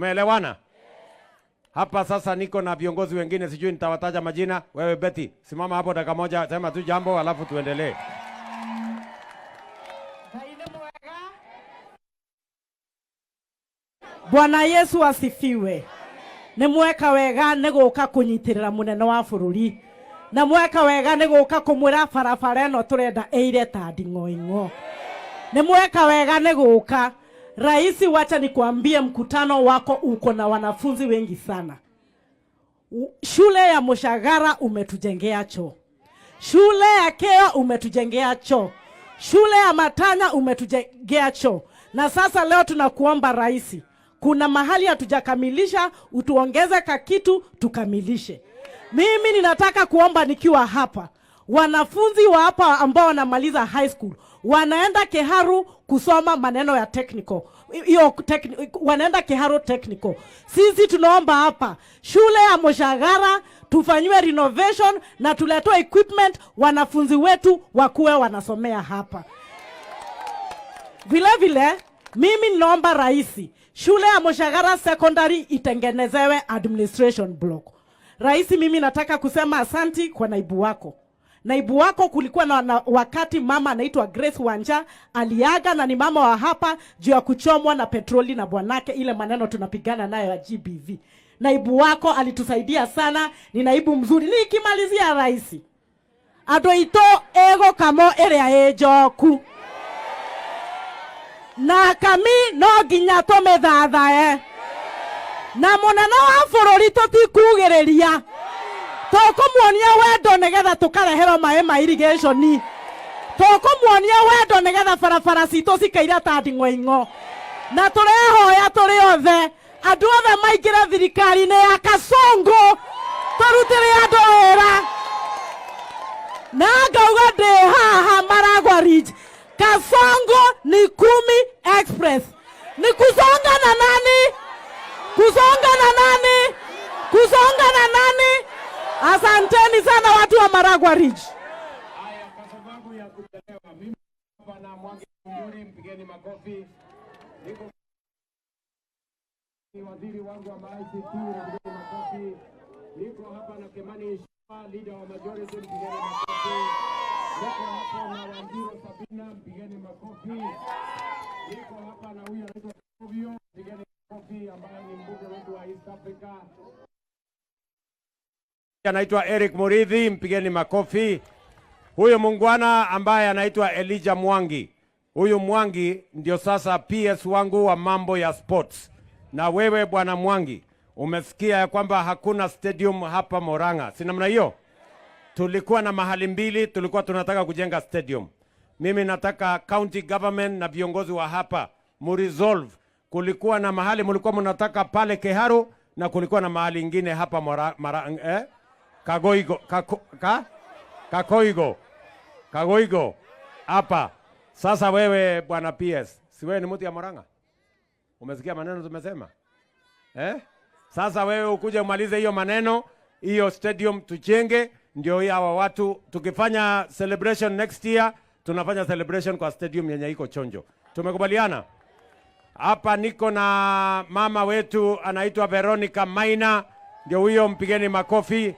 Tumeelewana? Hapa sasa niko na viongozi wengine, sijui nitawataja majina. Wewe Betty, simama hapo dakika moja, sema tu jambo alafu tuendelee. Bwana Yesu asifiwe. Ni mweka wega nä kunyitirira munene wa bururi na mweka wega nä kumwira ka kå mwä ra barabara ä no tå ta nding'oing'o nä mweka wega nä Raisi, wacha nikuambie, mkutano wako uko na wanafunzi wengi sana. Shule ya moshagara umetujengea choo, shule ya Kea umetujengea choo, shule ya Matanya umetujengea choo, na sasa leo tunakuomba Raisi, kuna mahali hatujakamilisha, utuongeze ka kitu tukamilishe. Mimi ninataka kuomba nikiwa hapa, wanafunzi wa hapa ambao wanamaliza high school wanaenda Keharu kusoma maneno ya technical hiyo wanaenda Keharu technical. Sisi tunaomba hapa shule ya Moshagara tufanyiwe renovation na tuletoa equipment, wanafunzi wetu wakuwe wanasomea hapa vilevile vile. Mimi ninaomba rais, shule ya Moshagara Secondary itengenezewe administration block. Rais, mimi nataka kusema asanti kwa naibu wako. Naibu wako kulikuwa na, na wakati mama anaitwa Grace Wanja aliaga na ni mama wa hapa juu ya kuchomwa na petroli na bwanake, ile maneno tunapigana nayo ya GBV. Naibu wako alitusaidia sana, ni naibu mzuri. Nikimalizia rais adoito ego kamo eria ejoku na kami no nginya tumethathae na munene wa bururi tutikuugiriria tukumuonia wendo nigetha tukareherwo maĩ ma irigation tukumuonia wendo nigetha barabara citũ cikaira ta nding'oing'o na tũrehoya tũrĩ othe andũ othe maingĩre thirikari-inĩ ya kasongo tũrutĩre andũ wĩra na ngauga ndĩ haha maragwa ridge kasongo ni kumi express ni kusonga na nani kusonga na nani kusonga na nani Asanteni sana watu wa Maragua Ridge. Haya, kwa sababu ya kuchelewa, mimi bwana Mwangi Mzuri, mpigeni makofi. Niko waziri wangu wa ICT, mpigeni makofi. Niko hapa na Kimani Ichung'wah, leader wa majority, mpigeni makofi. Niko hapa na Wanjiru Sabina, mpigeni makofi. Niko hapa na huyu anaitwa Ovio, mpigeni Anaitwa Eric Muridhi, mpigeni makofi. Huyu mungwana ambaye anaitwa Elijah Mwangi, huyu Mwangi ndio sasa PS wangu wa mambo ya sports. Na wewe bwana Mwangi, umesikia ya kwamba hakuna stadium hapa Moranga, si namna hiyo? Tulikuwa na mahali mbili, tulikuwa tunataka kujenga stadium. Mimi nataka county government na viongozi wa hapa muresolve. Kulikuwa na mahali mulikuwa mnataka pale Keharu na kulikuwa na mahali ingine hapa mora, eh? Kagoigo, kako, ka? Kakoigo, Kagoigo hapa sasa. Wewe bwana PS, si wewe ni mtu ya Moranga? Umesikia maneno tumesema eh? Sasa wewe ukuje umalize hiyo maneno, hiyo stadium tujenge, ndio hawa watu tukifanya celebration next year tunafanya celebration kwa stadium yenye iko chonjo. Tumekubaliana hapa. Niko na mama wetu anaitwa Veronica Maina, ndio huyo, mpigeni makofi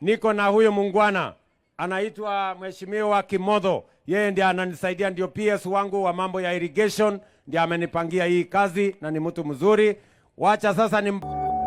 niko na huyu mungwana anaitwa Mheshimiwa Kimodho, yeye ndiye ananisaidia, ndio PS wangu wa mambo ya irrigation, ndiye amenipangia hii kazi na ni mtu mzuri. Wacha sasa ni